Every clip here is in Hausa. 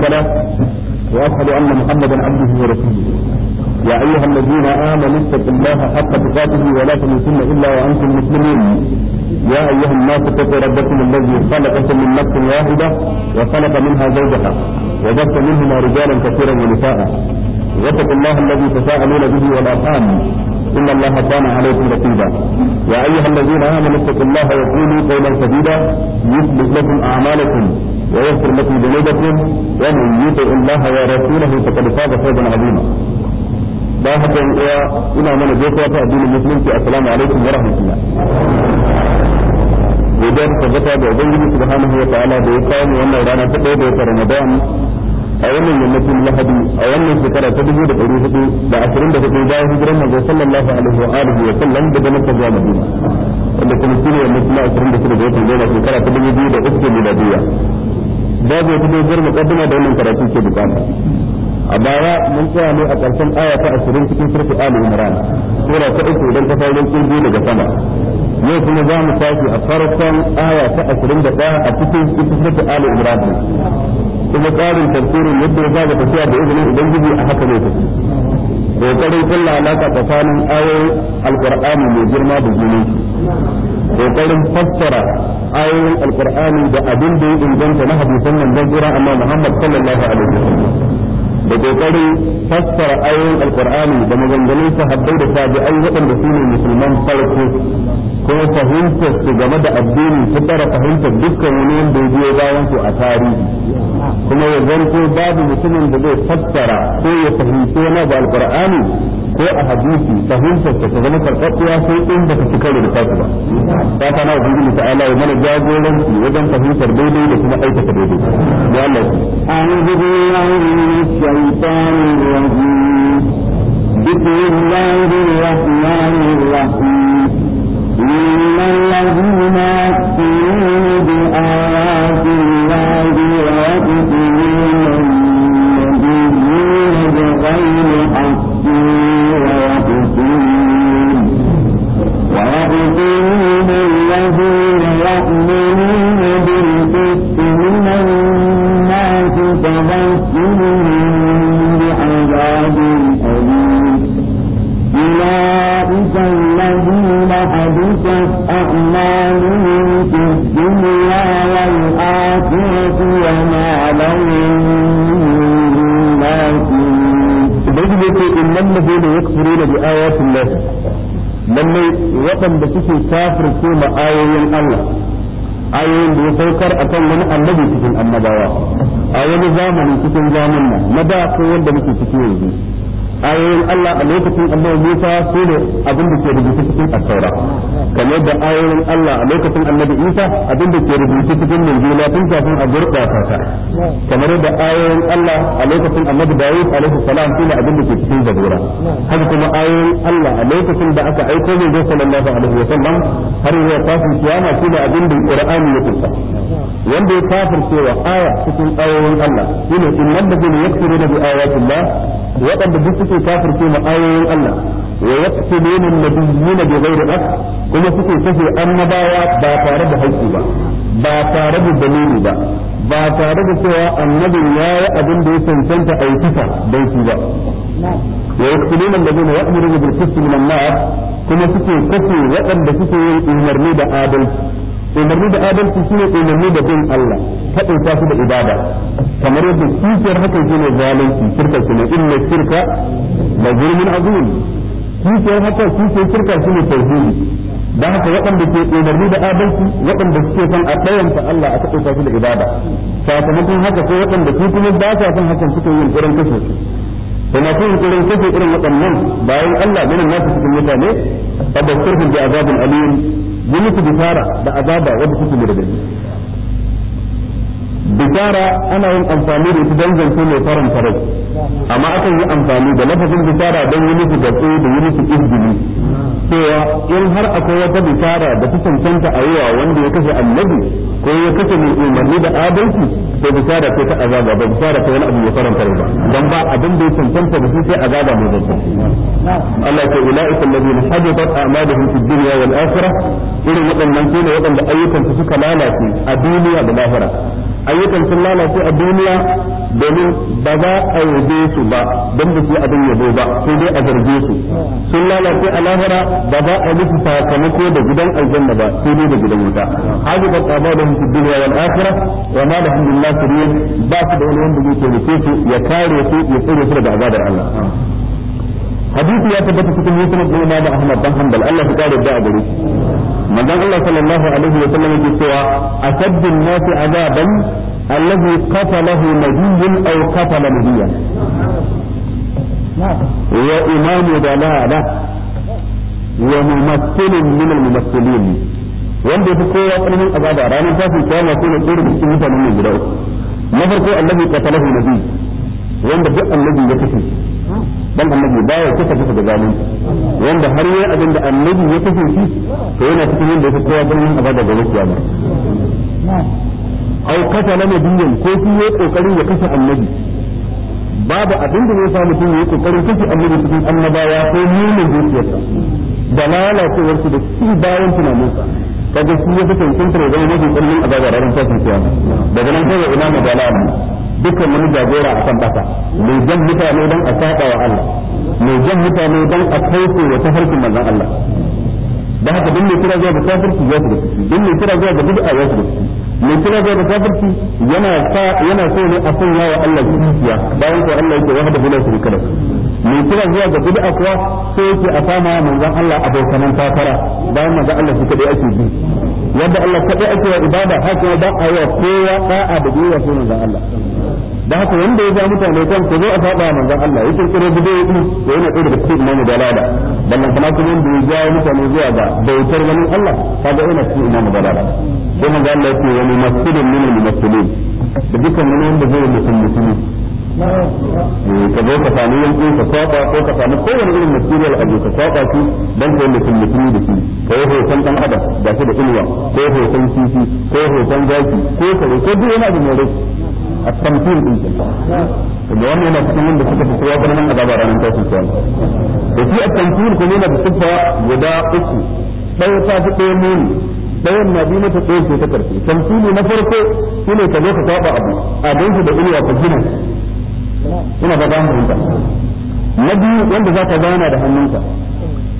الصلاة واشهد ان محمدا عبده ورسوله يا ايها الذين امنوا اتقوا الله حق تقاته ولا تموتن الا وانتم مسلمون يا ايها الناس اتقوا ربكم الذي خلقكم من نفس واحده وخلق منها زوجها وبث منهما رجالا كثيرا ونساء واتقوا الله الذي تساءلون به والارحام ان الله كان عليكم رقيبا يا ايها الذين امنوا اتقوا الله وقولوا قولا سديدا يصلح لكم اعمالكم ويغفر لكم ذنوبكم ومن يطع الله ورسوله فقد فاز فوزا عظيما ba haka yan uwa ina mana gaisuwa ta addinin musulunci assalamu alaikum wa rahmatullah gobe ta tabbata da ubangiji subhanahu wa ta'ala da ya kawo mu wannan rana ta ɗaya da wata ramadan a wannan yammacin lahadi a wannan shekara ta dubu da ɗari hudu da ashirin da hudu bayan hijirar manzo sallallahu alaihi wa alihi wa sallam da shida da da babu wata dogar mukaddima da wannan karatu ke bukata a baya mun tsaya ne a ƙarshen aya ta 20 cikin surfi Ali Imran sura ta uku idan ta fara kirji daga sama yau kuma za mu tashi a farkon aya ta 21 a cikin surfi Ali Imran kuma tsarin tafsirin yadda ya ga tafiya da izinin ubangiji a haka ne tafi kokarin kulla alaka tsakanin ayoyin alqur'ani mai girma da jinin kokarin fassara ayoyin alkur'ani da abin da ya inganta na hadisan manzon kira amma Muhammad sallallahu alaihi wasallam da kokarin fassara ayoyin alkur'ani da maganganun sahabbai da tabi'ai waɗanda su ne musulman farko kuma fahimtar su game da addini su tsara fahimtar dukkan wani wanda ya biyo bayan su a tarihi kuma ya zanto babu mutumin da zai fassara ko ya fahimci wani da al'kur'ani. ko a hadisi fahimtar ta zama karɓaɓɓiya sai in baka ci karo da tasu ba ta ta na ubangiji ta ala mana jagoranci wajen fahimtar daidai da kuma aikata daidai ya Allah a'udhu billahi minash shaitanir rajim bismillahir rahmanir rahim إن الذين يكفرون بآيات الله ويكفرون ubangiji yake innal na yakfuruna bi ayati llah lalle waɗanda suke kafirce ma ayoyin Allah ayoyin da ya saukar akan wani annabi cikin annabawa a wani zamani cikin zamanin na da ko wanda muke cikin yanzu ayoyin Allah a lokacin annabi Musa su ne abin da ke rubuce cikin at kamar da ayoyin Allah a lokacin annabi Isa abin da ke rubuce cikin Injila tun kafin a gurɓata ta kamar da ayoyin Allah a lokacin annabi Dawud alaihi salam su ne abin da ke cikin Zabura haka kuma ayoyin Allah a lokacin da aka aiko ne ga sallallahu alaihi wa sallam har ya kafin kiyama su ne abin da Qur'ani ya kusa wanda ya kafir cewa aya cikin ayoyin Allah shine innal ladina yakfuruna bi waɗanda duk suke kafirce ma ayoyin Allah wa yaqtuluna an-nabiyyina bighayri haqq kuma suke kashe annabawa ba tare da haƙƙi ba ba tare da dalili ba ba tare da cewa annabin yayi abin da ya cancanta a yi kisa ba wa yaqtuluna an-nabiyyina ya'muruna bil-qisti min an-nas kuma suke kashe waɗanda suke yin umarni da adalci umarni da adalci shine umarni da bin Allah kaɗaita su da ibada kamar yadda kishiyar hakan shine zalunci shirka shine inna shirka la zulmun azim kishiyar haka kishiyar shirka shine tauhidi da haka waɗanda ke umarni da adalci waɗanda suke son a tsayanta Allah a kaɗaita su da ibada sakamakon haka ko waɗanda su kuma ba sa son hakan suke yin irin kashe su kuma kun irin kashe irin waɗannan bayan Allah ne na su cikin mutane fa da sirrin da azabul alim yi musu bishara da azaba wanda suke da gani bishara ana yin amfani da ita don zance mai faranta rai amma akan yi amfani da lafazin bishara don yi musu gatsu da yi musu izgili cewa in har akwai wata bishara da ta cancanta a yiwa wanda ya kashe annabi ko ya kashe mai umarni da adalci to bishara ce ta azaba ba bishara ta wani abu ya faranta ba dan ba abin da ya cancanta da shi sai azaba mai zance Allah ya ce ulaika alladhina hadathat a'maluhum fid dunya wal akhirah irin waɗannan sune waɗanda ayyukan su suka lalace a duniya da lahira ayyukan sun lalace a duniya domin ba za a yabe su ba don da su abin yabo ba sai dai a zarge su sun lalace a lahira ba za a musu sakamako da gidan aljanna ba sai dai da gidan wuta hajji ba tsaba da musu duniya wal akhirah wa ma lahum min nasirin ba su da wani wanda zai taimake su ya kare su ya tsare su daga azabar Allah hadisi ya tabbata cikin musnad da Imam Ahmad bin Hanbal Allah gari kare da gare shi manzon Allah sallallahu alaihi wa sallam yake cewa ashaddu an-nas azaban alladhi qatalahu nabiyyun aw qatala nabiyyan wa imamu dalala wa mumassilun min al-mumassilin wanda yafi kowa tsananin azaba ranar tashin kiyama sai ne tsere cikin mutanen nan guda uku na duk annabi ya kashe dan annabi baya kusa kusa da zalunci wanda har yayi abin da annabi ya kusa shi to yana cikin wanda yake kowa ganin a da gaskiya ba au katala dinin ko shi yayi kokarin ya kashe annabi babu abin da zai sa mutum yayi kokarin kashe annabi cikin annabawa ko ne zuciyarsa da lalacewar su da cikin bayan tunaninsa kaga shi ya fitan kin tare zama mafi kullun azaba ran tafi kiyama daga nan sai imamu bala'u dukkan wani jagora akan baka mai jan mutane dan a saba wa Allah mai jan mutane dan a kauce wa tafarkin manzon Allah da haka duk mai kira zuwa ga kafirci ya furta duk mai kira zuwa ga bid'a ya furta mai kira zuwa ga kafirci yana sa yana so ne a sanya wa Allah kishiya bayan ko Allah yake wahda la sharika lahu mai kira zuwa ga bid'a kuwa sai yake a sama manzon Allah abokanan takara bayan manzon Allah shi kadai ake bi yadda Allah kadai ake wa ibada haka ba a yi kowa da'a da gwiwa sai manzon Allah da haka wanda ya ga mutane kan ku zo a saba manzon Allah ya kirkiro bid'a din da yana da cikin imamu dalala ballan kana kuma wanda ya ga mutane zuwa ga bautar ganin Allah kaga yana cikin imamu dalala sai manzon Allah ya wani wa mumassilun min al-muslimin da dukkan wani wanda zai mutum musulmi Eh, ka zo ka sami yanki ka saba ko ka sami kowane irin material a ka saba shi dan ka yi mutum mutum da shi ko ya hoton dan adam da shi da inuwa ko hoton sisi ko hoton zaki ko kare ko duk yana da mai rai a tamfil din kin da wannan yana cikin wanda suka fi kowa ganin azaba ranar tashin da shi a tamfil kuma yana da siffa guda uku ɗaya ta fi ɗaya muni ɗayan na biyu ta ɗaya ce ta ƙarshe tamfili na farko ne ka zo ka saba abu a da inuwa ka gina ina ba zama mu na biyu wanda za ka zana da hannunka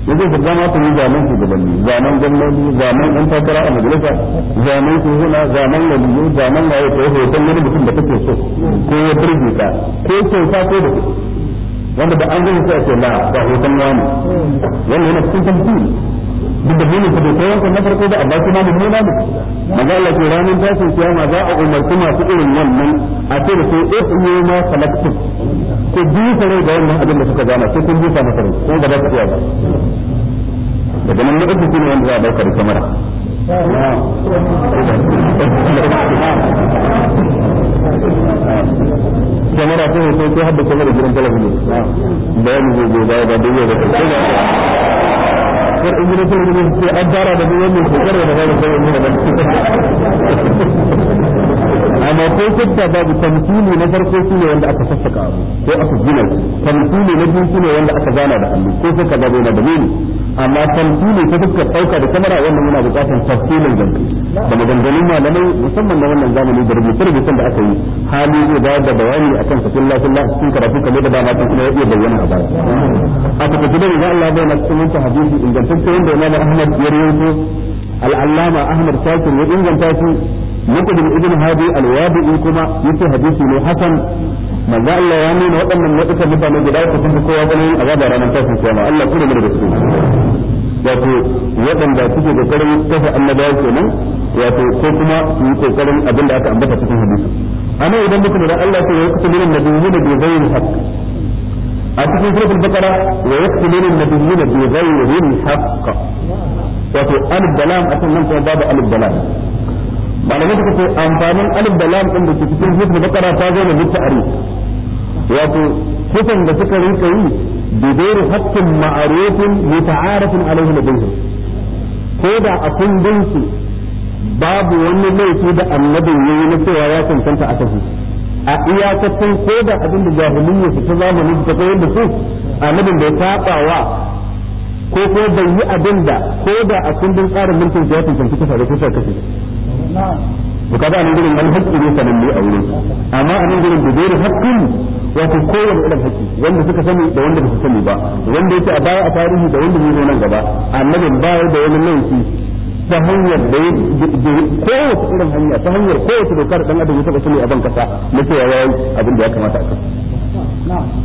ya zai gama ku kuma zaman shugabanni zaman gwamnati zaman ɗan takara a majalisa zaman kuhuna zaman waliyu zaman waye ko hoton wani mutum da kake so ko ya burge ka ko kyauta ko da wanda da an zai sai a ce la ba hoton wani wanda yana cikin tamfili duk da mun bai kai wancan na farko da amma kuma mun nuna mu maza Allah ke ranar tashin kiyama za a umarci masu irin wannan a ce da sai ihyu ma salaktum ko bisa rai da wannan abin da suka gana sai kun bisa masa rai ko ba za ku iya ba daga nan na uku shine wanda za a dauka da kamera kamera ko hoto ko hadda kamera gidan talabijin bayan zai zo baya ba duk yau da kai kar in gidan talabijin sai an fara da wannan shekarar da zai sai wannan amma ko babu na farko shi ne wanda aka sassaka abu ko aka gina na biyu shi ne wanda aka zana da hannu ko sai babu na amma tamfili ta fuskar ɗauka da kamera wannan yana buƙatar tafsilin zance da maganganun malamai musamman na wannan zamani da rubuce rubucen da aka yi hali zai ba da bayani akan fasin lafiya cikin karatu kamar da ba na kuma ya iya bayyana a baya a takaice da idan Allah bayyana cikin wancan hadisi ingantacce wanda Imam Ahmad ya rawaito al-Allama Ahmad Shakir ya inganta shi muqaddam ibn hadi al-wadi kuma yace hadisi ne hasan manzo Allah ya nuna waɗannan waɗannan mutane guda uku sun kowa ganin azaba ranar tashin kiyama Allah kuma mu da wato waɗanda suke kokarin kafa annabawa kenan wato ko kuma su yi kokarin abin da aka ambata cikin hadisi amma idan muka lura Allah sai ya kusa nuna nabiyuna bi haqq a cikin suratul baqara wa bi haqq wato dalam babu malamai suka ce amfanin alif da lam din da ke cikin hizbi bakara ta zo da ari wato kusan da suka rinka yi bidairu hakkin ma'arufin muta'arifin alaihi ladayhi ko da a kundin su babu wani laifi da annabin yayi na cewa ya cancanta a kafi a iyakacin ko da abin da jahiliyya su ta zamanin ta koyar da su annabin bai saba wa ko ko bai yi abin da ko da a kundin tsarin mulkin ya cancanta kafa da kusa kafi to kaga anan gurin wani haƙƙi ne sananne a wurin amma anan gurin da dole haƙƙin wato kowane irin haƙƙi wanda suka sani da wanda suka su sani ba wanda yake a baya a tarihi da wanda yake nan gaba annabin baya da wani laifi ta hanyar da kowace irin hanya ta hanyar kowace doka da dan adam ya taba sani a ban kasa na cewa yayi abin da ya kamata a kan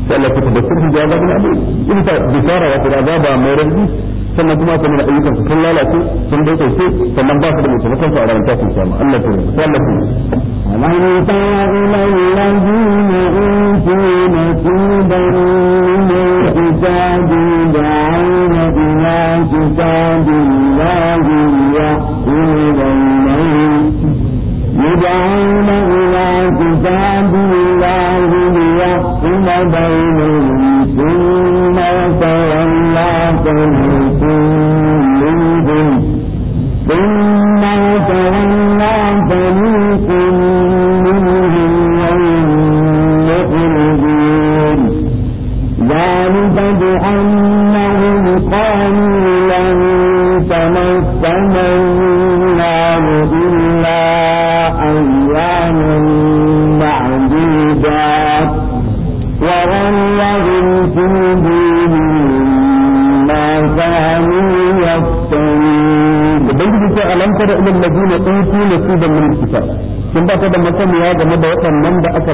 sai Allah ya tabbatar da jawabin abin in ta bisara wa ba mai rabbi sannan kuma sanin ayyukan su sun lalace sun dai sai sannan ba su da mutum kansu a ranar tashin kiyama Allah ta rubuta Allah ta alam ta'ala alladhina utu nasiban min kitabi ila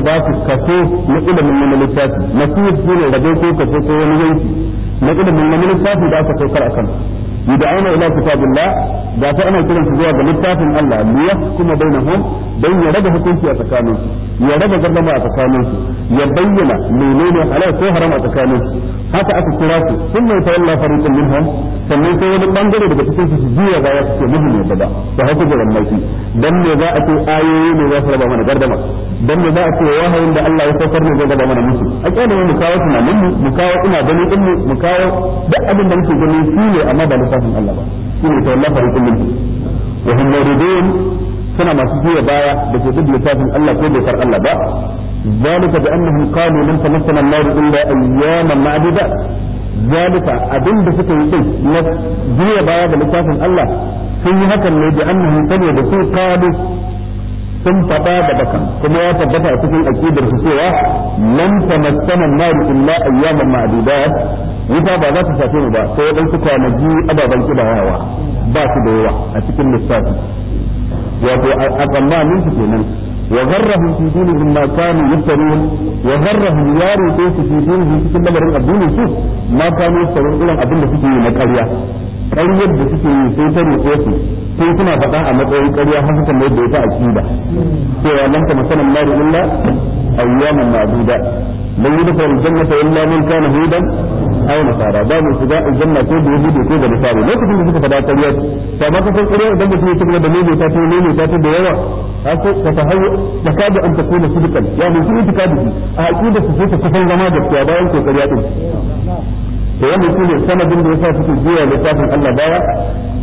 ba su kaso na ilimin na littafi nasihar su ne rabo ko kaso ko wani yanki na ilimin na littafi da aka saukar a kan aina ila kitabillah da ta ana kiran su zuwa ga littafin Allah kuma bainahum dan ya raba hukunci a tsakaninsu ya raba gardama a tsakaninsu ya bayyana menene halal ko haram a tsakaninsu haka aka kira su sun mai tawalla fariqun minhum sannan sai wani bangare daga cikin su juya ga wasu ke muhimmi yadda ba da haka jiran mulki dan me za a ce ayoyi ne za su raba mana gardama dan me za a ce wahayin da Allah ya saukar ne zai raba mana musu a kyale mu kawo tunanin mu mu kawo ina ganin din mu mu kawo duk abin da muke gani shi ne amma ba lissafin Allah ba shi ne tawalla fariqun minhum wa hum muridun suna masu juya baya da ke duk lissafin Allah ko dokar Allah ba ذلك بأنهم قالوا لن تمسنا النار إلا أياما معدودة ذلك أبن بسكي إيه جري بعد لكافر الله sun yi hakan ne da annahum saboda su qalu sun fada da bakan kuma ya tabbata a cikin aqidar su cewa lan tamassana an-nar illa ayyaman ma'dudat wuta ba za ta shafe ba sai dan su kwanaki ababan ba su da yawa a cikin lissafi wato a su kenan وغرهم في دينهم ما كانوا يبتلون وغرهم يا ريت في دينهم في كل مرة الدين ما كانوا إلى أبن في القرية da suke yi sai su suna faɗa a matsayin ƙarya har suka mai da ita a kida cewa lanta masanan mari illa ayyaman ma'duda lan yudkhul jannata illa man kana hudan aw nasara ba mu shiga aljanna ko da yahudi ko da nasara lokacin da suka fada ƙarya to amma kasan ƙarya idan mutum ya tabbata ne ta ce ne ta ce da yawa haka ka tahawu da kada an ta kula sidqan ya mun shi itikadi a aqida su sai ta kusan zama gaskiya bayan ko kariya din to wannan shi ne sanadin da yasa suke jiya littafin Allah baya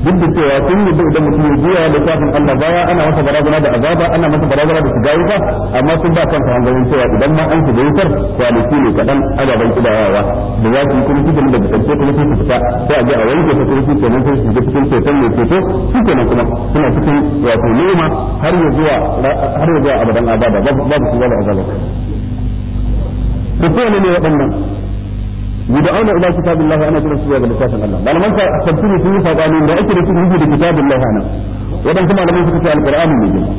duk da cewa sun yi da mutum ya jiya littafin Allah baya ana masa barazana da azaba ana masa barazana da shiga wuta amma sun ba kansa hangarin cewa idan ma an shiga wutar kwanaki ne kaɗan azaban kidayawa da za su yi kuma cikin da kasance kuma sai su fita sai a ji a wanke ta kuma kenan sai su shiga cikin ceton mai ceto shi kenan kuma suna cikin wato nema har ya zuwa har ya zuwa abadan abada babu su babu azaba. Duk ne waɗannan yud'auna ila kitabillahi ana kiran su zuwa ga littafin Allah malaman sa tafsiri sun yi sabani da ake da su da kitabillahi ana wadan kuma malaman suka ce alqur'ani ne girma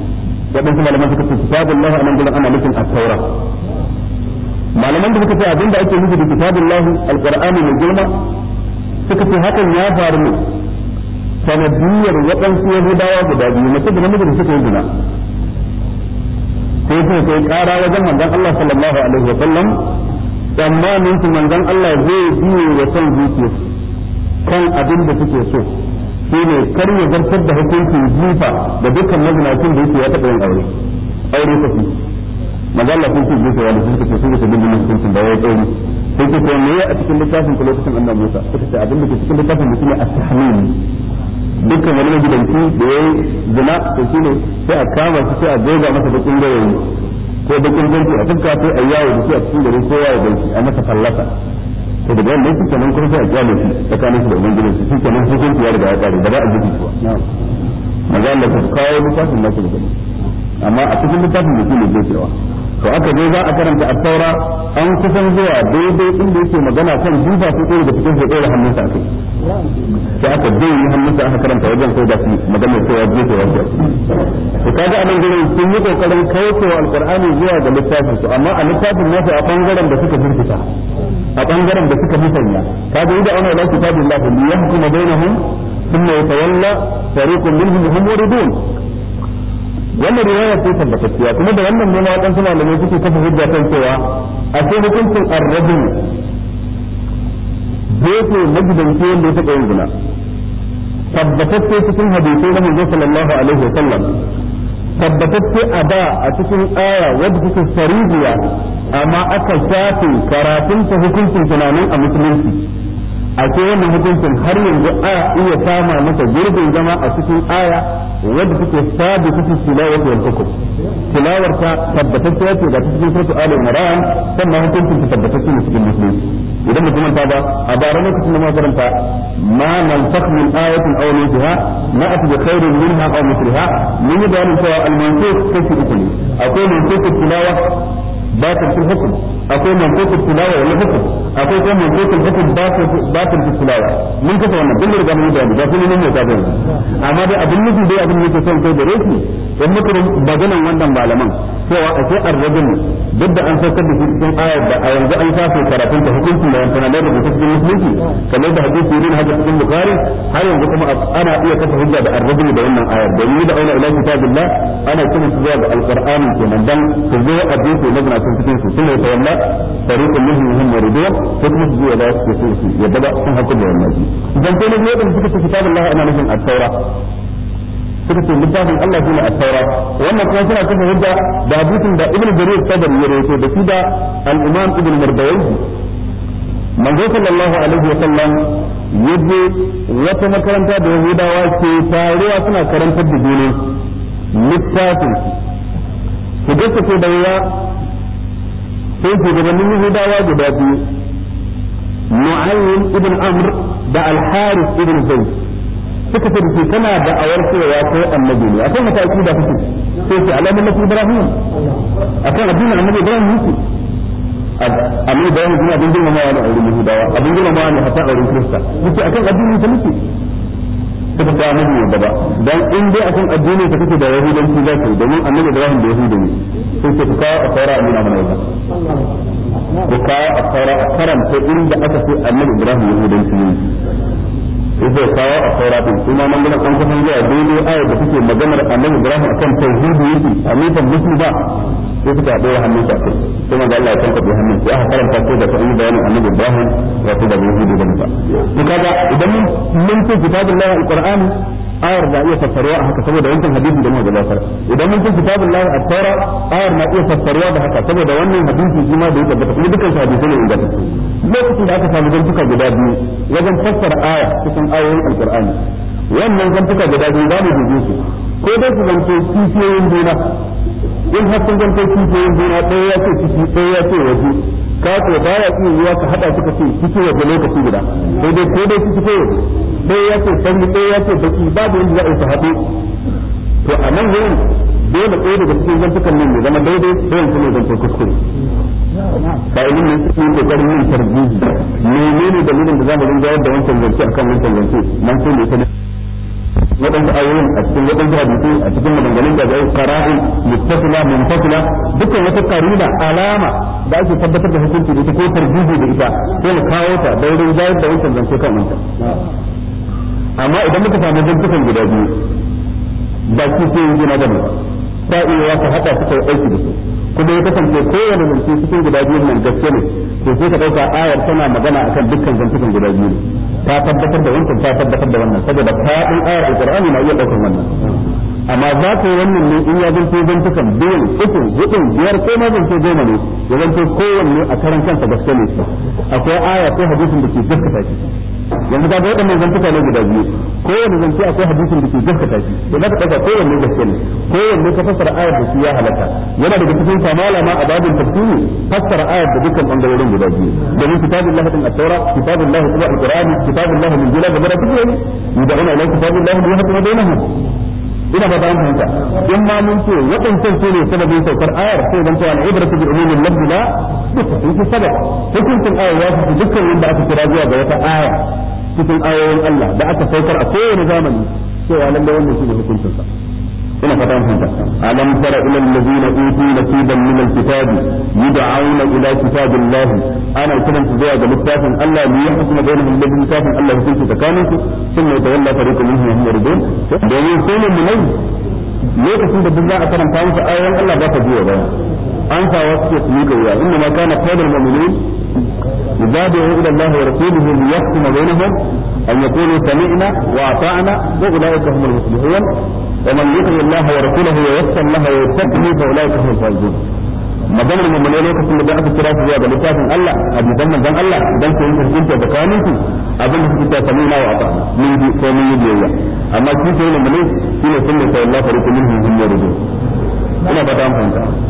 wadan kuma malaman suka ce kitabillahi ana gurin ana nufin at-taura malaman da suka ce abinda ake nufi da kitabillahi alqur'ani ne girma suka ce hakan ya faru ne sanadiyar waɗansu yahudawa guda biyu mace da namiji da suka yi gina sai sai kai ƙara wajen manzon Allah sallallahu alaihi wa sallam tsammanin su manzon Allah zai biyo wa son zuciya kan abin da suke so shine kar ya zartar da hukuncin jifa da dukkan mazinacin da yake ya taɓa yin aure aure kafi manzon Allah sun ce jifa wanda suka ce sun ce bin hukuncin da ya tsauri sun ku ce me a cikin littafin ku lokacin annabi Musa suka ce abin da ke cikin littafin mu shine at-tahmim dukkan wani magidanci da ya zina to shine sai a kama shi sai a goga masa da gawayi ko bakin banki a fuska sai a yawo da shi a cikin garin kowa ya banki a masa fallasa to daga wannan shi nan kuma sai a kyale shi tsakanin su da ubangijin su shi kenan hukunci ya riga ya kare ba za a ji kuwa maza Allah ku kawo littafin nasu da amma a cikin littafin da shi ne ke cewa to aka je za a karanta at-taura an kusan zuwa daidai inda yake magana kan duba su ɗaya da cikin zai hannunsa akai sai aka dai yi hannunsa aka karanta wajen sai da su magana cewa gefe wajen to kaga anan gurin sun yi kokarin kawo alqur'ani zuwa ga littafin su amma a littafin nasu a bangaren da suka firfita a bangaren da suka musanya kaga idan ana la kitabullah li yahkuma bainahum ثم يتولى فريق منهم وهم موردون wannan riwaya ce tabbatacciya kuma da wannan ne ma suna malamai suke kafa hujja kan cewa akwai hukuncin arrabin gefe magidanci wanda ya taɓa yin guna tabbatacce cikin hadisai na manzo sallallahu alaihi wa sallam tabbatacce a da a cikin aya wadda take sarijiya amma aka shafe karatun ta hukuncin tunanin a musulunci akwai wannan hukuncin har yanzu a iya sama masa gurbin zama a cikin aya wadda take sabi cikin tilawar wal hukum tilawar ta tabbatacciya ce ga cikin suratul ali imran sannan hukuncin ta tabbatacce ne cikin musulunci idan mutum ta ba a bara lokacin da makaranta karanta ma nan min ayatin aw nusiha na'ati bi khairin minha aw mithliha mun yi bayanin al-mansukh kashi uku ne akwai mansukh tilawa ba ta cikin hukum akwai mantuku tilawa wal hukm akwai kuma mantuku hukm batil fi tilawa mun kafa wannan duk riga mun da ba kuma mun ta bane amma dai abin nufi dai abin yake son kai da shi dan muka maganan wannan malaman cewa akwai arrajul duk da an saukar da cikin ayar da a yanzu an sa karatun da hukunci da yanzu na da rubutu cikin musulunci kamar da hadisi ne hadisi cikin bukhari har yanzu kuma ana iya kafa hujja da arrajul da wannan ayar da ni da aula ila kitabillah ana kuma zuwa da alqur'ani kenan dan ku zo a duk na cikin su kuma ta wallahi tariqul lahi wa hum muridun ko kuma su zuwa da su so su yadda sun hakku da wannan ji idan kai ne da suka ce kitabullahi ana nufin at suka ce littafin Allah shine at wannan kuma suna kafa hujja da hadisin da ibnu jarir sadr ya rawaito da shi da al-imam ibnu mardawi manzo sallallahu alaihi wa sallam yaje wata makaranta da yahudawa ke taruwa suna karantar da juna littafin su gaskace da ya sai shugabannin yahudawa guda biyu mu'ayyin ibn amr da al-haris ibn zayd suka ce dake kana da awar cewa ko annabi ne akan wata da kake sai ce alamun nabi ibrahim akan addinin annabi ibrahim yake amma ibrahim kuma abin girmamawa ne a wurin yahudawa abin girmamawa ne hatta a wurin kirista yake akan addinin ta muke suka ta annabi yadda ba dan in dai akan addinin ka kake da yahudanci za ka yi domin annabi Ibrahim da ne sai kawo a saura a nuna mana yadda kawo a saura a karanta inda aka ce annabi Ibrahim yahudanci ne yadda kawo a sauratin su ma nan kan kusan zuwa daidai ayar da suke maganar annabi ibrahim akan tauhidi yake a nufin musu ba sai suka haɗe hannun sa kai sai ga Allah ya tanka bi hannun sai aka karanta ko da sai bayanin annabi ibrahim wato da yahudi da ba to kaga idan mun mun ce kitabullah alqur'ani ayar na iya fassaruwa a haka saboda wancan hadisi da muka gabatar idan mun ci kitabullahi at tara ayar na iya fassaruwa da haka saboda wannan hadisi shi ma da ya tabbata kuma dukkan hadisi ne inda lokacin da aka samu zantuka guda biyu wajen fassara aya cikin ayoyin alqur'ani wannan zantuka guda biyu za mu dube su ko dai su zanto kifiyoyin juna in har sun zanto kifiyoyin juna ɗaya ya ce ciki ɗaya ya ce waje ka ko ya iya yiwa ka hada suka ce fito waje lokaci guda sai dai ko dai fito ko dai ya ce dan dai ya ce baki babu yadda za a yi su haɗu to a nan wurin dole ɗaya daga cikin zantukan nan ne zama daidai ɗayan kuma zantar kuskure ba ilimin ne suke yin kokarin yin tarbiyyar menene dalilin da zamu rinjayar da wancan zance akan wancan zance nan sai ne ta waɗansu ayoyin a cikin waɗansu hadisi a cikin maganganun da zai qara'in muttasila munfasila dukkan wata karina alama da ake tabbatar da hukunci da ita ko tarjihi da ita sai mu kawo ta da wurin zayar da wancan zance kan wancan amma idan muka samu zantukan guda biyu ba su sai yin gina gani ba sa'iwa ka haɗa suka yi aiki da su kuma ya kasance kowane mulki cikin guda biyun nan gaske ne to sai ka ɗauka ayar tana magana akan dukkan zantukan guda biyu ta tabbatar da wancan ta tabbatar da wannan saboda ta ɗin ayar alƙur'ani na iya ɗaukar wannan amma za ka yi wannan ne in ya zanto zantukan biyan uku hudun biyar ko ma zanto goma ne ya zanto kowanne a karan kanta gaske ne su akwai aya ko hadisin da ke gaskata shi yanzu ka ga waɗannan zantuka ne guda biyu kowanne zanto akwai hadisin da ke gaskata shi da za ka ɗauka kowanne gaske ne kowanne ka fassara ayar da shi ya halatta yana daga cikin kamala ma a babin tafsiri fassara ayar da dukkan bangarorin guda biyu domin kitabullah din at-taura kitabullah kuma al-qur'ani kitabullah min jilal da bara duk yayi yad'una ila kitabillah wa yahkuma bainahum ina ba bayan fahimta in ma mun ce waɗancan su ne sababin saukar ayar sai zan cewa al'ibratu bi umumin lafzi la duka sun fi sabab hukuncin ayar ya fi dukkan wanda aka kira zuwa ga wata aya cikin ayoyin Allah da aka saukar a kowane zamani cewa lallai wannan shi ne hukuncinsa ina fata mun fahimta alam tara ila allazina utu nasiban min alkitabi yud'auna ila kitabillahi ana kiran su zuwa ga littafin Allah ne ya hukuma bayan lillahi littafin Allah sun hukunci tsakanin su sun ne tawalla fariqun minhum hum yurdun domin sai mun ne lokacin da duk za a karanta musu ayoyin Allah ba ka biyo baya أنفع وقت يسميك إياه إنما كان قول المؤمنين يزادوا إلى الله ورسوله ليحكم بينهم أن يكونوا سمعنا وأطعنا وأولئك هم المصلحون ومن يطع الله ورسوله ويسلم الله ويتقي فأولئك هم الفائزون ما دام المؤمنين لو كنت بدأت التراث زيادة لكافي الله أبي دام دام الله دام كنت كنت بكامل أظن كنت سمعنا وأطعنا من دي فمن يدي إياه أما كنت المؤمنين فيما سمعت الله فريق منهم هم يرجون أنا بدأ أن أفهم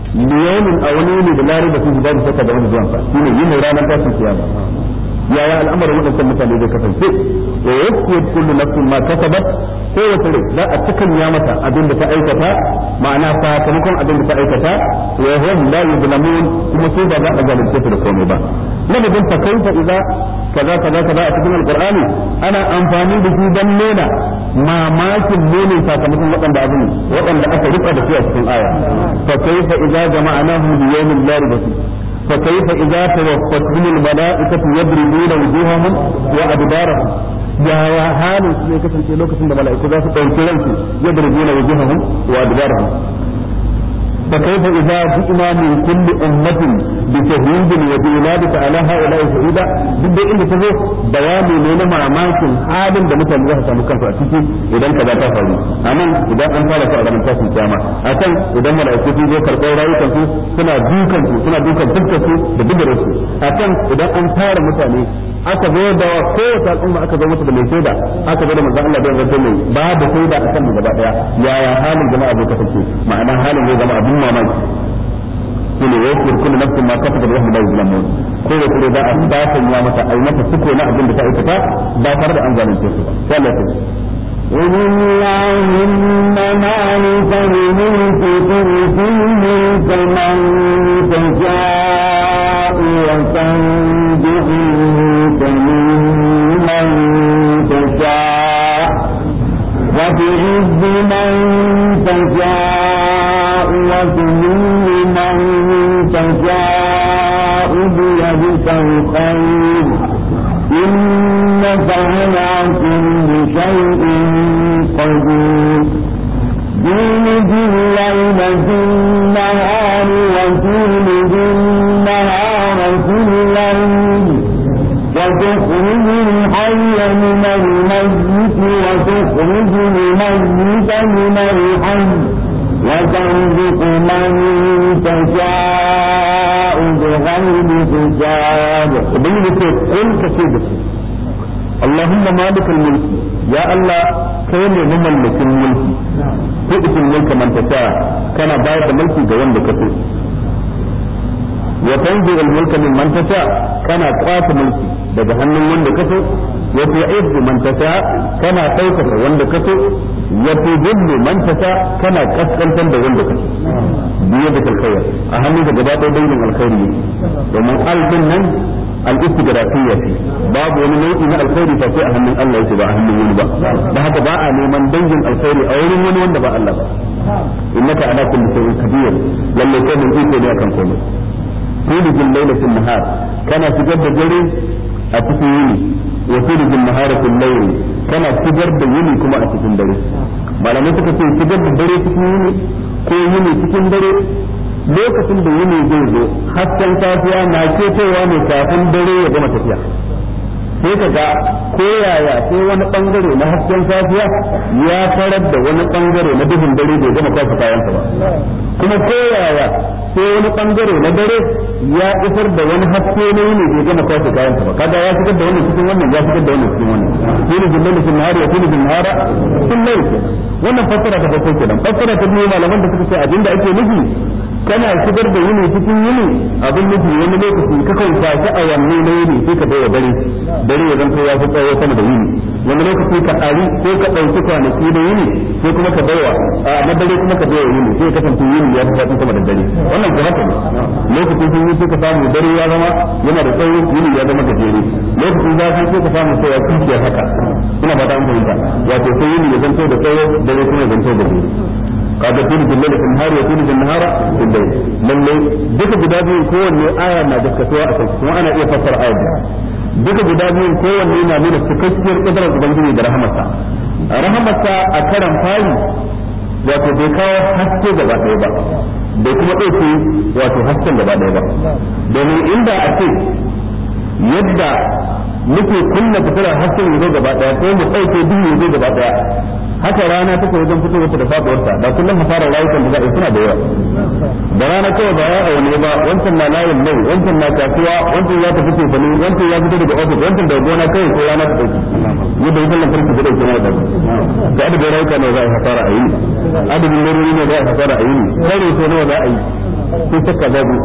liyamin a wani ne da da su babu saka da wani zuwansa shi ne yin ranar tashin kiyama yaya al'amarin waɗansan mutane zai kasance ya yake kullu nafsin ma kasabat ko wata rai za a cikin ya mata abin da ta aikata ma'ana sakamakon abin da ta aikata wa hum la yuzlamun kuma su ba za a zalunce su da komai ba na ta kai ta idza kaza kaza kaza a cikin alqur'ani ana amfani da shi dan nuna mamakin nuna sakamakon waɗanda abin waɗanda aka rika da su a cikin aya fa kaifa idza jama'anahum bi yawmin la فكيف إذا توفتهم الملائكة يضربون وجوههم وأدبارهم يا هاني سميكة سنتي لوكة سنتي ملائكة ذات طيب يضربون وجوههم وأدبارهم فكيف إذا جئنا من كل أمة بشهيد وجئنا بك على هؤلاء شهيدا duk da inda tazo bayani ne na mamakin halin da mutane za su samu kansu a ciki idan kaza ta faru anan idan an fara su a gaban tashin kiyama akan idan mala'iku sun zo karɓar rayukan su suna dukan su suna dukan dukkan su da dubarar idan an fara mutane aka zo da kowace al'umma aka zo mata da mai shaida aka zo da manzon Allah da yanzu babu shaida akan mu gaba daya yaya halin jama'a zai kasance ma'ana halin zai zama abin mamaki shine wa yakul kullu nafsin ma kasabat wa hum la yuzlamun ko da kure da an ba ta ya mata ai mata suko na abin da ta aikata ba tare da an zalunce su ba sai Allah ya ولله مالك الملك تؤتي الملك من تشاء وتنزع الملك ممن تشاء وتعز من تشاء وفعل كل شيء قدير دين يولد الليل في النهار وتولد النهار في الليل وتخرج الحي من الميت وتخرج الميت من الحي وترزق من تشاء بغير حساب. إيه؟ قل كسيدتي Allahumma malikul mulki ya Allah kai ne mamallakin mulki ko ikin mulka man tasha kana bayar da mulki ga wanda ka so wa tanzilul mulka mimman tasha kana kwata mulki daga hannun wanda ka so wa tu'izzu man tasha kana ɗaukaka wanda ka so wa tudillu man tasha kana kaskantar da wanda kake biye da alkhair a hannun da gaba ɗaya dangin alkhairi ne domin alfin nan al-istigrafiyya ce babu wani nau'i na alkhairi fa sai a hannun Allah yake ba a hannun wani ba da haka ba a neman dangin alkhairi a wurin wani wanda ba Allah ba innaka ala kulli shay'in qadir lalle kai mun iko ne akan komai tulijin laila fil nahar kana shigar da dare a cikin yini wa turjin nahara kullayl kana shigar da yini kuma a cikin dare malamai suka ce shigar da dare cikin yini ko yini cikin dare lokacin da yini zai zo hasken safiya na cewa ne kafin dare ya gama tafiya sai ka ga ko yaya ko wani bangare na hasken safiya ya farar da wani bangare na duhun dare bai gama kwasa kayan ba kuma ko yaya ko wani bangare na dare ya isar da wani haske na yini bai gama kwasa kayan ba kaga ya fitar da wannan cikin wannan ya fitar da wannan cikin wannan shine jillal fil nahar wa kullu bil nahara sun layl wannan fassara ta farko kenan fassara ta biyu malaman da suka ce abinda ake nufi kana shigar da yini cikin yini abin nufi wani lokaci ka kwanta shi a wanne na yini sai ka bayar dare dare ya zanto ya fi tsawo sama da yini wani lokaci ka tsari ko ka ɗauki kwanaki da yini ko kuma ka baiwa na dare kuma ka bayar yini sai ka kasance yini ya fi faɗin sama da dare wannan ko haka ne lokacin sun yi sai ka samu dare ya zama yana da tsawo yini ya zama gajere lokacin zafi sai ka samu tsawo kiciyar haka ina ba ta amfani ba wato sai yini ya zanto da tsawo dare kuma ya zanto da gajere kaga tuni tuni nahara lalle duka guda biyun kowanne aya na gaskatuwa a kai kuma ana iya fassara aya duka guda biyun kowanne na nuna cikakkiyar kudrar ubangiji da rahamarsa rahamarsa a karan fari wato bai kawo haske gaba ɗaya ba bai kuma ɗauke wato hasken gaba ɗaya ba domin inda a ce yadda muke kunna fitilar hasken yazo gaba daya ko mu dauke duhu yazo gaba daya haka rana take wajen fitowa ta da faduwarta da kullum hasarar rayukan da za a yi suna da yawa da rana kawai ba ya aune ba wancan na layin mai wancan na kasuwa wancan ya tafi ce sani wancan ya fito daga ofis wancan daga gona kawai ko rana ta dauki yadda wutan lantarki ta dauke na da da adadin rayuka ne za a yi hasara a yi adadin marori ne za a yi hasara a yi karo so nawa za a yi ko saka babu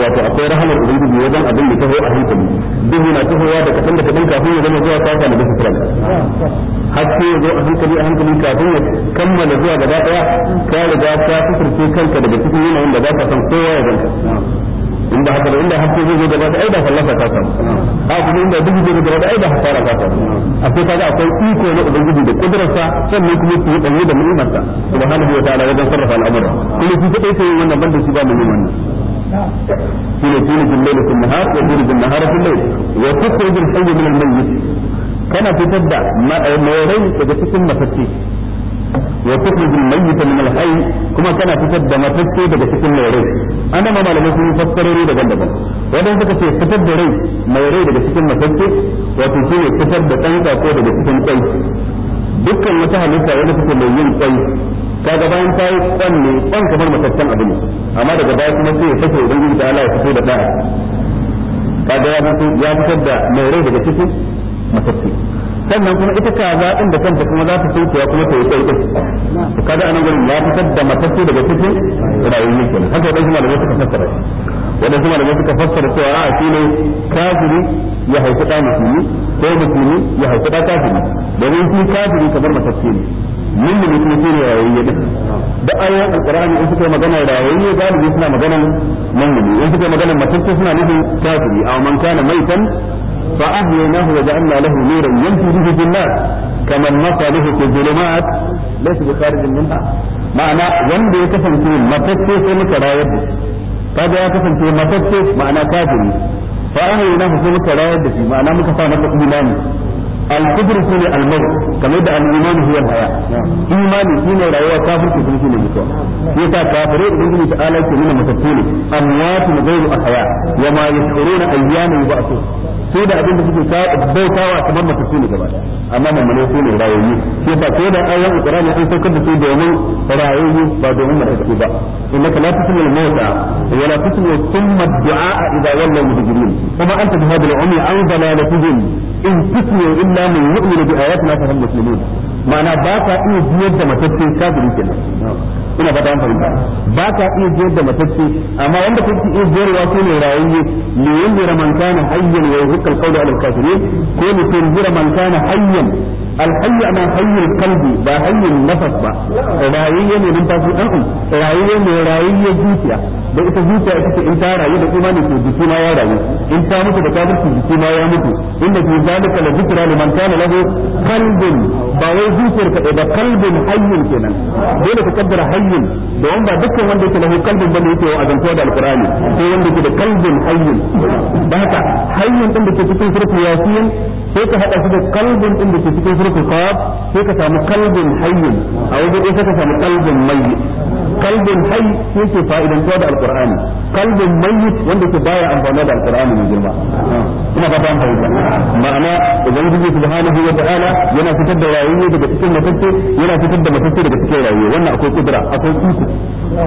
wato akwai rahamar ubangiji wajen abin da taho a hankali duk yana tahowa da kadan da kadan kafin ya zama zuwa safa da bisira har sai ya zo a hankali a hankali kafin ya kammala zuwa gaba daya ka riga ka fitirce kanka daga cikin yanayin da za ka san kowa ya zanka in ba haka ba inda hakko zai zo gaba da ai ba fallasa ka samu a kuma inda duk zai gaba da ai ba hasara ka samu akwai kaga akwai iko na ubangiji da kudurarsa sannan kuma su yi danye da ni'imarsa subhanahu wa ta'ala wajen sarrafa al'amura kuma shi kadai sai wannan banda shi ba mu yin wannan shi ne tuni bin laili kun nahar wa tuni bin nahar kun laili wa tukhrij al-hayy min al-mayyit kana fitar da mai rai daga cikin matacce wa tukhrij mayyita min al-hayy kuma kana fitar da matacce daga cikin mai rai ana ma malamai sun daban-daban wadan suka ce fitar da rai mai rai daga cikin matacce wato shine fitar da tsantsa ko daga cikin tsai dukkan wata halitta wanda take mai yin tsai kaga bayan ta yi kwan ne kwan kamar mataccen abu ne amma daga baya kuma sai ya fito ubangiji ta Allah ya fito da ɗaya kaga ya fitar da mai rai daga cikin matacce sannan kuma ita kaza din da kanta kuma za ta sauke kuma ta yi sai ta ta kada anan gurin ya fitar da matacce daga cikin rayuwa ne haka wadansu malamai suka fassara wadansu malamai suka fassara cewa a shi ne kafiri ya haifi da musulmi ko musulmi ya haifi da kafiri domin shi kafiri kamar matacce ne min da mutum shi ne rayuwa ne da ayoyin alqur'ani in suka magana rayuwar galibi suna magana nan ne in suka magana matacce suna nufin kafiri amma man kana maitan فأهيناه وجعلنا له نورا يمشي به في الناس كمن مشى به في الظلمات ليس بخارج منها معنى wanda ya kasance matacce sai muka rayar da kaga ya kasance matacce ma'ana kafiri fa ahayna hu muka rayar da shi ma'ana muka sa masa imani الكفر هو الموت كما يدعى الإيمان هو الحياة إيمان هنا رأيه كافر في سنة المسوى يتا كافر يقول تعالى كمين متفين أموات غير الحياة وما يشعرون أيام يبعثون سيدا أبين تفين كافر بيتا وعثمان متفين كبار أمام من يسين رأيه يتا كيدا آية إكرامي أن تكبر في دومين رأيه بعد عمر إكتباء إنك لا تسمي الموتى ولا تسمي ثم الدعاء إذا ولوا المهجرين وما أنت بهذا العمي عن ضلالتهم إن تسمي إلا illa man yu'minu bi ayatina fa hum muslimun ma'ana ba ka iya biyar da matacce kafiri kenan ina fata an fahimta ba ka iya biyar da matacce amma wanda kake iya biyarwa ko ne rayuwa ne yunzira man kana hayyan wa yuhqal qawla al kafirin ko ne tunzira man kana hayyan alhayy ana hayyul qalbi ba hayyul nafas ba rayayye ne numfashi dan um rayayye ne rayayye zuciya da ita zuciya ita ce in ta rayu da imani to jiki ma ya rayu in ta mutu da kafirci jiki ma ya mutu inda fi zalika la zikra liman kana lahu qalbun ba wai zuciyar ka da qalbun hayyun kenan dole ka kaddara hayyun da wanda dukkan wanda yake lahu qalbun bane yake wa azantuwa da alqur'ani sai wanda yake da qalbun hayyun ba ka hayyun din da ke cikin surfi yasin sai ka hada su da kalbin ɗin da ke cikin surkul qaf sai ka samu kalbin hayyin a wajen ɗaya ka samu kalbin mayyit kalbin hayy yake fa'idan da al'ƙur'ani kalbin mayyit wanda ke baya amfani da al'ƙur'ani mai girma ina ba ta amfani ma'ana ubangiji subhanahu wa ta'ala yana fitar da rayuwa daga cikin matacce yana fitar da matacce daga cikin rayuwa wannan akwai kudura akwai iko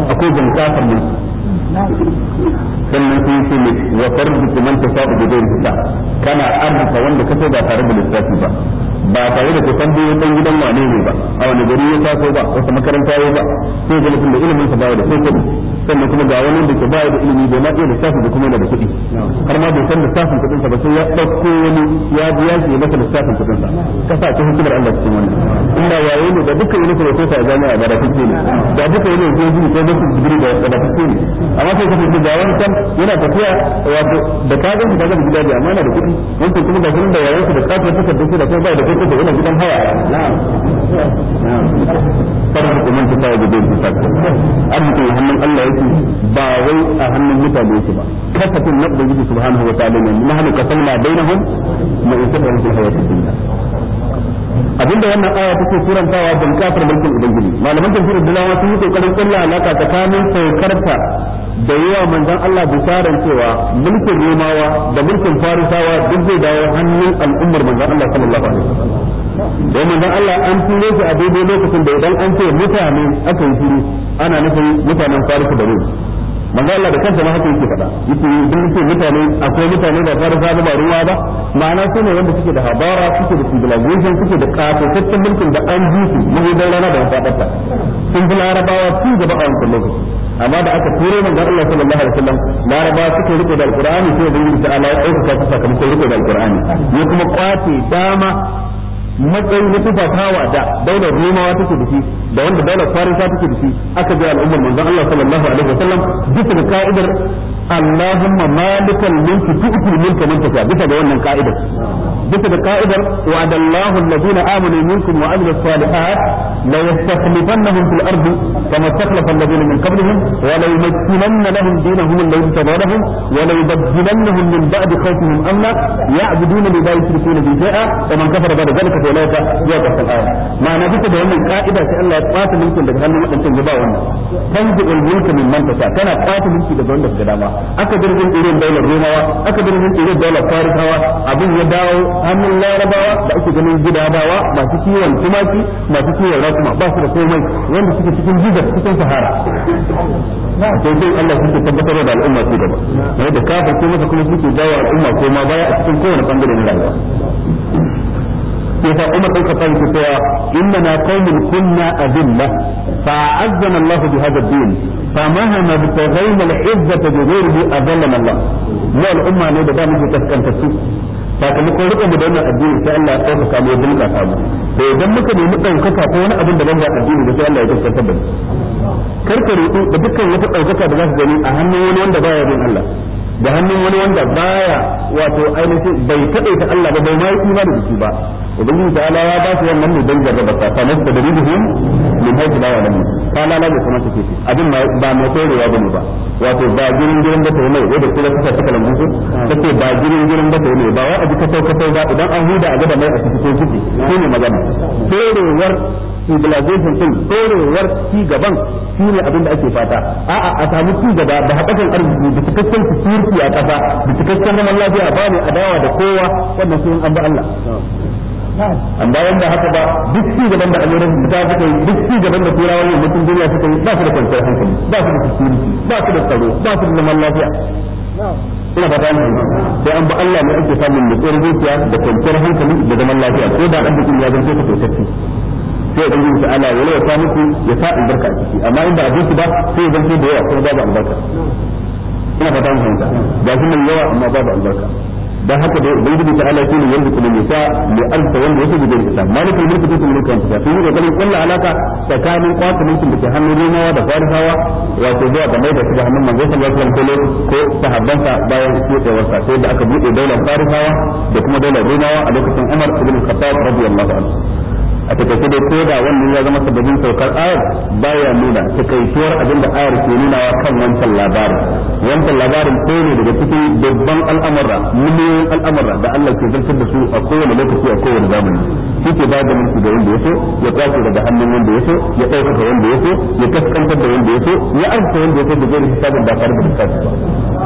akwai bunƙasar mulki sannan sun ce ne wa farzu kuma ta sa'u da zai rikita kana arzika wanda kaso ba tare da lissafi ba ba tare da kusan biyu dan gidan wane ne ba a wani gari ya taso ba wata makaranta ya ba sai ga mutum da ilimin sa ba da sai kuɗi sannan kuma ga wani da ke ba da ilimi bai ma iya lissafi da kuma yana da kuɗi har ma bai san lissafin kuɗin ba sai ya ɗauko wani ya biya shi ya masa lissafin kuɗin sa ta hukumar Allah cikin wannan inda waye ne da dukkan wani profesa a jami'a ba da kuɗi ne da dukkan wani zai ko masu digiri da da kuɗi ne amma sai kafa ga wani kan yana tafiya wato da ka gani ka gani gidaje amma yana da kuɗi wancan kuma ga da yayin su da ka ta dace da kuma ba da kuɗi da yana gidan haya na'am farin kuma ta sai gidan su amma kuma hannun Allah yake ba wai a hannun mutane yake ba kasafin na ubangiji subhanahu wa ta'ala ne nahnu qasamna bainahum ma yusabbu fil hayatid dunya abinda wannan aya take surantawa bunƙasar mulkin ubangiji malaman tafsirin dalawa sun yi kokarin kulla alaka tsakanin saukarta da yawa manzon Allah bisaran cewa mulkin romawa da mulkin farisawa duk zai dawo hannun al'ummar manzon Allah sallallahu alaihi wasallam don manzon Allah an turo shi a daidai lokacin da idan an ce mutane aka yi ana nufin mutanen farisa da rum manzo Allah da kansa ma haka yake faɗa yake yake mutane akwai mutane ba fara ba ruwa ba ma'ana su ne wanda suke da habara suke da civilization suke da kafetaccen mulkin da an ji su mun da rana da fadarta sun bi larabawa tun gaba a wancan lokaci amma da aka turo manzo Allah sallallahu alaihi wasallam larabawa suke riko da alqur'ani sai da yin ta'ala ya sakamakon da alqur'ani ya kuma kwace dama matsayi na tufafawa da daular romawa take da shi da wanda daular farisa take da shi aka bi al'ummar manzon Allah sallallahu alaihi wasallam bisa da ka'idar Allahumma malikal mulki tu'til mulka man tasha bisa da wannan ka'idar بك بقائدا وعد الله الذين آمنوا منكم وعملوا الصالحات ليستخلفنهم في الأرض كما استخلف الذين من قبلهم وليمكنن لهم دينهم الذي ارتضى لهم وليبدلنهم من بعد خوفهم أمنا يعبدون لا يشركون بي شيئا ومن كفر بعد ذلك فأولئك هو تحت الآية معنى بك بأن قائدا كأن لا يتقاتل منكم لجهنم من تنجبا ونا تنجب الملك من من تشاء كان قاتل منكم لجهنم السلامه الدلامة أكبر من إلين الدوله الرومة أكبر من إلين الدوله الفارسة أبو يداو hannun larabawa da ake ganin gidabawa masu kiwon tumaki masu kiwon rakuma ba su da komai wanda suke cikin jigar cikin sahara sai dai Allah suke tabbatar da al'umma su gaba ne da kafin ko masa kuma suke jawo al'umma ko ma baya a cikin kowane bangare na rayuwa كيف عمر بن الخطاب يقول اننا قوم كنا اذله فاعزنا الله بهذا الدين فمهما ابتغينا العزه بغيره اذلنا الله. لا الامه انا بدأنا في تسكن تسوق sakamakon rikon mu da wannan addini sai Allah ya ɗaukaka samu ya dinka samu to idan muka nemi ɗaukaka ko wani abin da ban da addini da sai Allah ya kaskantar da mu kar ka da dukkan wata ɗaukaka da za ka gani a hannun wani wanda baya bin Allah da hannun wani wanda baya wato ainihin bai taɓa ta Allah ba bai ma yi imani da shi ba ubangiji ta ala ya ba su wannan ne dan jarraba ta fa nasu da dalilihim min haythu la ya'lamun ta la la bai kuma take shi abin ba mai korewa bane ba wato ba girin girin ba ta yi mai wanda da suka saka lambun su take ba girin girin ba ta yi mai ba wai abu kasau kasau ba idan an huda a gaba mai a cikin ko ciki shi ne magana korewar civilization din korewar ci gaban shi ne abin da ake fata a'a a samu ci gaba da haɓakan arziki da cikakken security kudi a kasa da cikakken zaman lafiya ba babu adawa da kowa wannan sun an ba Allah an bayan da haka ba duk su gaban da amurin da suka yi duk su gaban da turawa ne mutum duniya suka yi ba su da kwanciyar hankali ba su da kusuri ba su da tsaro ba su da zaman lafiya ina ba ta nuna sai an ba Allah ne ake samun nutsuwar zuciya da kwanciyar hankali da zaman lafiya ko da an bikin ya zanto ka tsotacci sai ya ɗanyi ta'ala ya lawa ta muku ya sa albarka a ciki amma inda ba abinci ba sai ya zanto da yawa kuma babu albarka ina fata mun fahimta ga shi mai yawa amma babu albarka da haka dai ubangiji ta Allah shine yanda kullun yasa li arsa wanda yake gidan kisa malikin mulki ta kullun kan kisa sun yi kokarin kulla alaka tsakanin kwatin mulkin da ke hannun Romawa da Farisawa wato zuwa ga mai da su da hannun manzo sallallahu alaihi wasallam ko sahabbansa bayan kiyewar sa sai da aka bude daular Farisawa da kuma daular Romawa a lokacin Umar ibn Khattab radiyallahu anhu a takaice dai ko da wannan ya zama sabbin saukar ayar baya nuna takaituwar abinda ayar ke nunawa kan wancan labarin wancan labarin ko ne daga cikin babban al'amura miliyoyin al'amura da Allah ke zartar da su a kowane lokaci a kowane zamani shi ke bada mulki ga wanda ya so ya kwace daga hannun wanda ya so ya ɗaukaka wanda ya so ya kaskantar da wanda ya so ya arzuta wanda ya so da zai hisabi ba tare da hisabi ba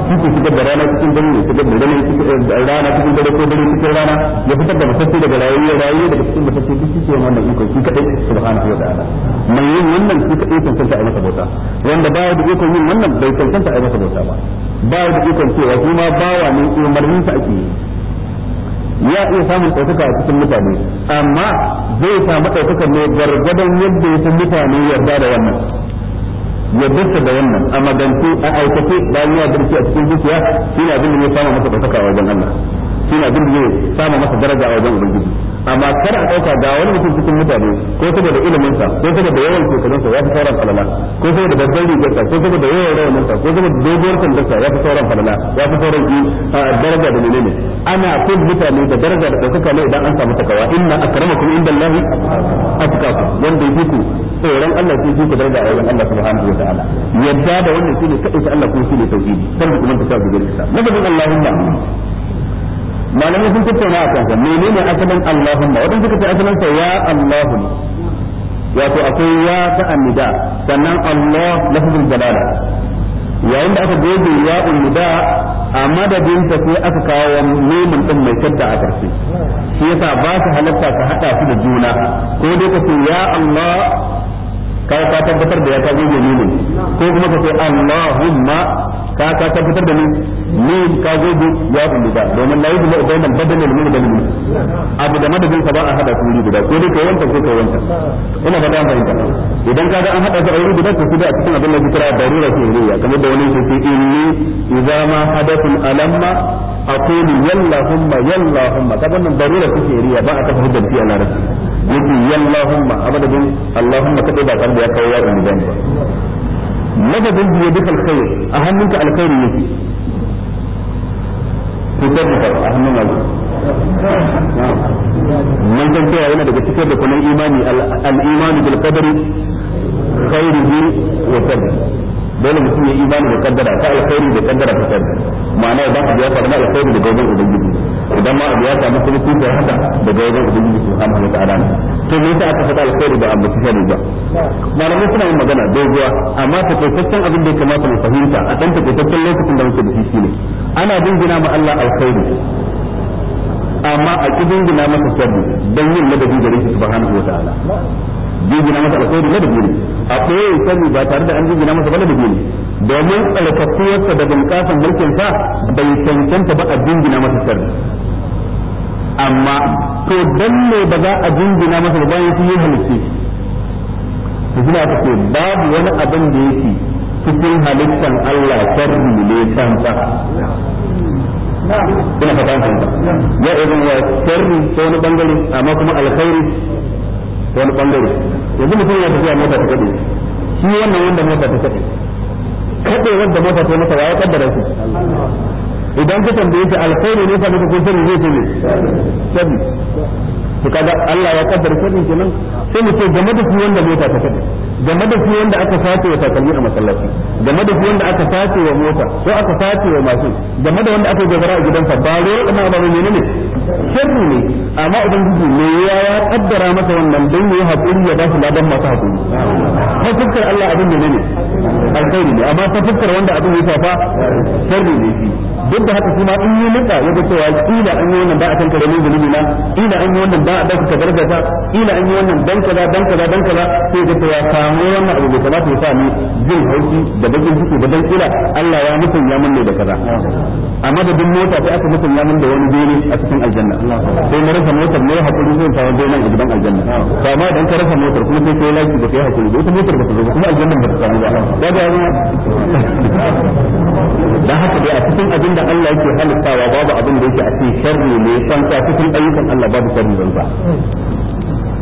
da rana cikin dare ya shigar da rana cikin eh, rana cikin dare ko dare cikin rana ya fitar da daga rayuwa rayuwa daga cikin duk wannan shi kadai subhanahu wa ta'ala mai yin wannan shi kadai a masa bauta wanda da yin wannan bai a masa bauta ba da cewa bawa ne umarnin sa ake yi ya iya samun ɗaukaka a cikin mutane amma zai samu ɗaukakar ne gargadon yadda ya san mutane yarda da wannan ya da wannan a magantu a aikace bayan ya birki a cikin zuciya shi ne abin da ya samu masa ɗaukaka a wajen Allah shi ne abin da ya samu masa daraja a wajen Ubangiji amma kar a dauka ga wani mutum cikin mutane ko saboda ilimin sa ko saboda yawan shekarun sa ya fi sauran falala ko saboda babban rigar sa ko saboda yawan rawanin sa ko saboda doguwar sandar sa ya fi sauran falala ya fi sauran ki daraja da menene ana kun mutane da daraja da ɗaukaka ne idan an samu takawa inna akramakum indallahi atqakum wanda yake ku tsoron Allah sai ku daraja a wurin Allah subhanahu wa ta'ala yadda da wannan shine kadai Allah ko shine tauhidi sai kuma ta sa gudun sa nabiyyu Allahumma malamai sun tattauna a kansa menene asalin Allahumma wadanda suka ce asalin sa ya Allahu wato akwai ya ta annida sannan Allah lafzul jalala yayin da aka goge ya unnida a madadin ta sai aka kawo nemin din mai tadda a karshe shi yasa ba su halatta ka hada su da juna ko dai ka ce ya Allah ka ka tabbatar da ya ta goge ne ko kuma ka ce Allahumma ka ka tabbatar da ni min ka goge ya kulli ba domin la yuzlu ne mun da mulk abu da madadin ka ba a hada su guda ko dai kai wanta ko kai wanta ina ba dan fahimta idan ga an hada su a wuri guda to sai a cikin abin da kira darura ce riya kamar da wani sai inni idza ma hadathul alamma aqulu yallahumma yallahumma kaga nan darura ce riya ba a tafhidda fi alarabi yake yallahumma abada bin allahumma kaɗe ba tare da ya kawo ya ɗan bane ba madadin biye duk alkhairi a hannunka alkhairi yake to tabbata a hannun Allah mun san cewa yana daga cikin da kunan imani al-imani bil qadari khairihi wa sharri dole mutum ya imani da kaddara ta alkhairi da kaddara ta sharri ma'ana idan abu ya faru na alkhairi da gaban ubangiji idan ma abu ya samu kuma kuka haka daga wajen ubangiji ne to me yasa aka faɗa alkhairi ba amma kusa ba malamai suna yin magana doguwa amma takaitaccen abin da ya kamata mu fahimta a ɗan takaitaccen lokacin da muke da shi ne ana dingina ma Allah amma a kidin gina masa sharri don yin madadi gare shi subhanahu wa ta'ala jingina masa alkhairi na da ne a koyi sani ba tare da an jingina masa ba da ne domin tsarkakkuwarsa da bunƙasan mulkinsa bai cancanta ba a jingina masa sharri amma to dan ne ba za a jingina masa ba bayan sun yi halitta suna ta ce babu wani abin da yake cikin halittan Allah sharri ne kansa ina fata kanka ya irin wa sharri ta wani bangare amma kuma alkhairi ta wani bangare yanzu mutum ya tafiya mota ta kaɗe shi wannan wanda mota ta kaɗe kaɗe wanda mota ta masa waye kaddara shi idan ka tambaye shi alkhairu ne sami ko sani zai tabe sabi to kaga Allah ya kaddara sani kenan sai mu ce game da shi wanda mota ta kaɗe game da shi wanda aka sace wa takalmi a masallaci game da shi wanda aka sace wa mota ko aka sace wa mashin game da wanda aka gobara a gidansa ba ruwa kana ba ne ne sharri ne amma ubangiji me ya ya kaddara masa wannan dan yayi hakuri ya ba shi ladan masu hakuri ta fuskar Allah abin ne ne alkhairi ne amma ta fuskar wanda abin ya shafa sharri ne shi duk da haka su ma in yi nika yaga cewa kila an yi wannan ba a kankare min zulumi na kila an yi wannan ba a dauka daraja ta kila an yi wannan dan kaza dan kaza dan kaza sai ga cewa lalle wannan abu bai kamata ya sa ni jin hauki da bakin ciki da dan kila Allah ya mutun ya mun ne da kaza amma da duk mota sai aka mutun ya mun da wani dole a cikin aljanna sai na rasa motar ne hakuri zai ta wani dole a cikin aljanna to amma idan ka rasa motar kuma sai kai laifi da kai hakuri ba ita motar ba ta zo kuma aljanna ba ta samu ba da ga da haka dai a cikin abin da Allah yake halittawa babu abin da yake a cikin sharri ne san ka cikin ayyukan Allah babu sharri ba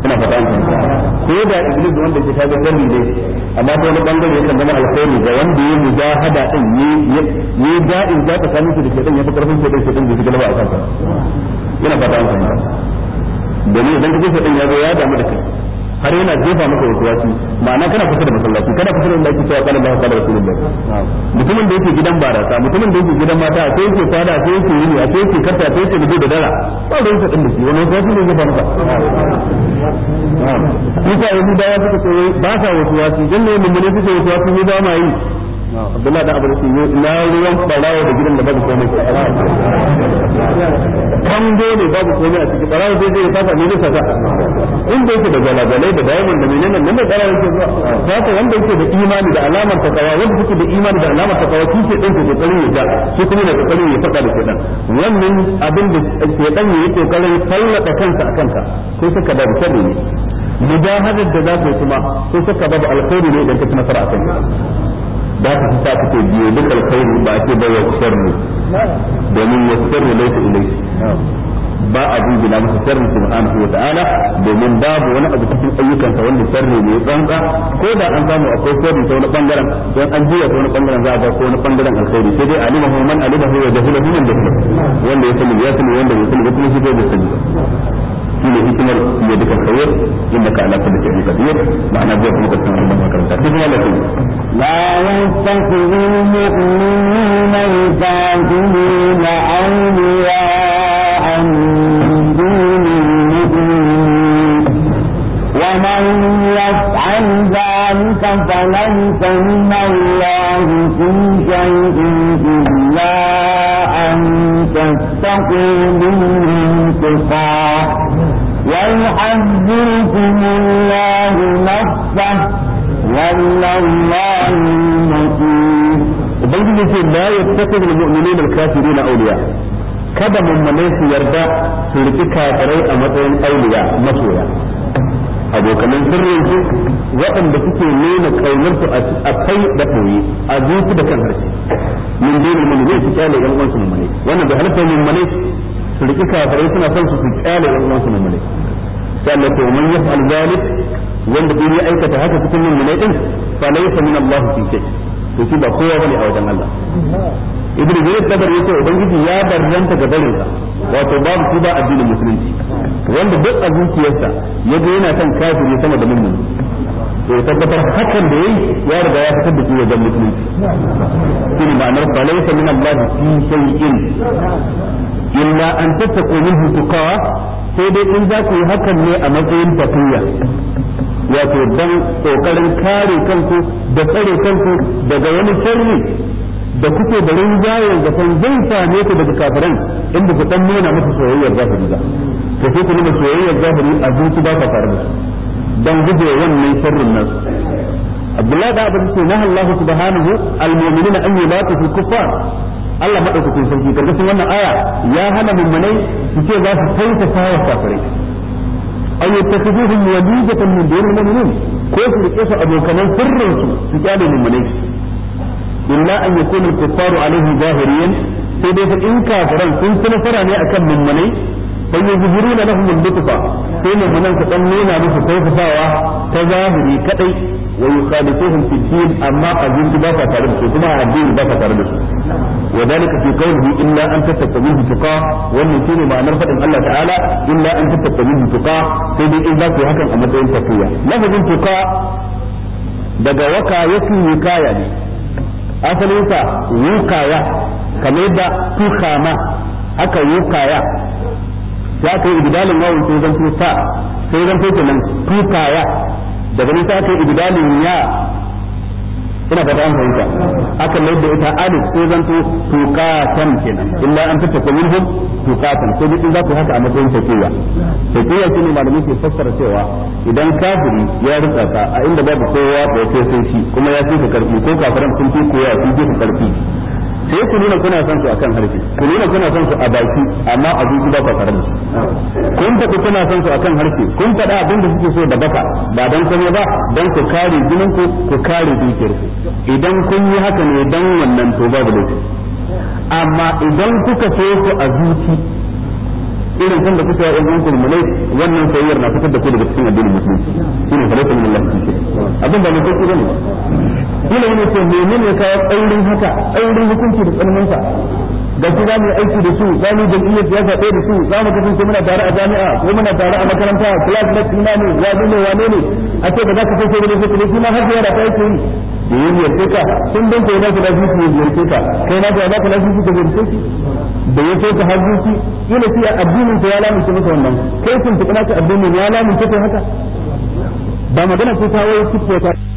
ina fata an ko da iblis wanda ke kaga sharri ne amma ta wani bangare yakan zama alkhairi ga wanda ya mujahada din ne ne da in za ta samu shi da shedan ya fi karfin shedan shedan da shi galaba a kansa yana fata an kamar domin idan kaje shedan ya zo ya damu da kai har yana jefa maka wasiwasi ma'ana kana kusa da masallaci kana kusa da inda ake cewa kana Allah kana rasulullah mutumin da yake gidan barasa mutumin da yake gidan mata sai yake fada sai yake yini sai yake karta sai yake bige da dara ba da yake din da shi wannan wasiwasi ne jefa maka Isa Yahudawa suka ce ba sa wasiwasi dan ne mun ne suke wasiwasi ne ba ma yi Abdullahi da Abdul Sayyid na ruwan barawa da gidan da babu komai kan dole babu komai a cikin barawa zai zai fasa ne zai fasa inda yake da galagalai da diamond da menene nan da barawa yake zuwa fasa wanda yake da imani da alamar takawa wanda suke da imani da alamar takawa shi ke ɗin kokarin ya da shi kuma da kokarin ya faɗa da shedan wannan abin da shedan ya yi kokarin sallata kansa a kanka ko suka da sharri ne mujahadar da za ka yi kuma ko suka babu alkhairi ne idan ka ci nasara a kanka ba ta fi sa take biyo duk alkhairu ba ake bai wa ne domin ya ne laifin ilai ba a jingina masa sharri subhanahu wa ta'ala domin babu wani abu cikin ayyukansa wanda sharri ne tsantsa ko da an samu akwai sharri ta wani bangaren don an jiya ta wani bangaren za a ba ko wani bangaren alkhairi sai dai alimahu man alimahu wa jahilahu man jahilahu wanda ya sani ya sani wanda ya sani ya kuma shi bai sani ba shine hikimar ya duka khair innaka ala kulli shay'in qadir ma'ana jiya kuma makaranta duk la yastakhidhu muminuna al-kafirina awliya an ومن يفعل ذلك يريكم الله نفسه والله المسيح ubangiji ce la yattakhidhu almu'minuna alkafirina awliya kada mummunai su yarda su riki kafirai a matsayin auliya masoya abokanan sirrin su waɗanda suke nuna kaunar a kai da koyi a zuci da kan harshe min dole mun su kyale yan uwansu mummunai wannan da mummunai su kafirai suna son su su sai ko man yaf'al zalik wanda bai aikata haka cikin mummunai din fa laysa min Allah fi shay to shi ba kowa bane a wajen Allah ibnu jarir tabar yace ubangiji ya barranta ga barin sa wato babu shi ba addinin musulunci wanda duk a zuciyarsa yaga yana son kafiri sama da mummuni to tabbatar hakan da yayi ya riga ya fitar da shi wajen musulunci shi ne ma'anar fa laysa min Allah fi shay'in illa an tattaqu minhu tuqa sai dai in za ku yi hakan ne a matsayin tafiya wato dan kokarin kare kanku da tsare kanku daga wani sharri da kuke da rinjayen da san zai same ku daga kafirai inda ku dan nuna musu soyayyar zahiri ba to sai ku nuna soyayyar zahiri a zuci ba ka tare dan guje wannan sharrin nan Abdullahi da ce na Allah subhanahu al-mu'minina an yulatu fil kuffar Allah madaukakin sarki karkashin wannan aya ya hana mummunai su ce za su kyautata wa kafirai an yattakhidhuhum wadidatan min dunil mu'minin ko su rike su abokanan sirrin su su kyale mummunai illa an yakuna al-kuffaru alaihim zahiriyan sai dai fa in kafiran sun ci nasara ne akan mummunai sai ya zuhuru na lahum al-lutfa sai mummunan su dan nuna musu kyautatawa ta zahiri kadai wa yukhalifuhum fi din amma a ba ka tare da su kuma addini ba ka tare da su wa dalika fi qawlihi illa an tattaqu min tuqa wannan shine ma'anar fadin Allah ta'ala illa an tattaqu min tuqa sai dai in za ku hakan a matsayin tafiya lafazin tuqa daga waka yake wikaya ne asalin sa wukaya kamar da tukama haka wukaya ya kai ibdalin wawun sai zan tuka sai zan tuka nan tukaya daga nan sai aka ya ina fata an fahimta aka mai da ita alif ko zanto tuqatan kenan illa an tattaka minhum tuqatan ko duk za ku haka a matsayin tafiya tafiya shine malamai ke fassara cewa idan kafiri ya rika ka a inda babu kowa da sai sai shi kuma ya fi ka karfi ko kafiran sun fi koya sun fi karfi sai ku nuna kuna son su akan harshe ku nuna kuna son su a baki amma a zuci ba ku tare da su kun ta kuna son su akan harshe kun faɗa abin da suke so da baka ba dan kuma ba dan ku kare jinin ku ku kare dukiyar ku idan kun yi haka ne dan wannan to babu laifi amma idan kuka so su a zuci irin san da kuka yi ɗan uwanku mulai wannan sayyar na fitar da ku daga cikin addinin musulunci shine salatu min Allah kike abin da mun kai bane kila wani ce menene ka tsaurin haka tsaurin hukunci da tsananin sa da su za mu yi aiki da su za mu yi jam'iyyar siyasa ɗaya da su za mu kasance muna tare a jami'a ko muna tare a makaranta class na kimani wane ne wane ne a ce ba za ka kai sai ne sai kuma har da yara ta yi da ya ziyarce ka sun dan kai naka lafi su ziyarce ka kai naka ya naka lafi su ka ziyarce ki da ya kai ka har zuci ina ce addinin ta ya lamunce maka wannan kai sun tuka naka addinin ya lamunce kai haka ba magana ce ta wai tuko ta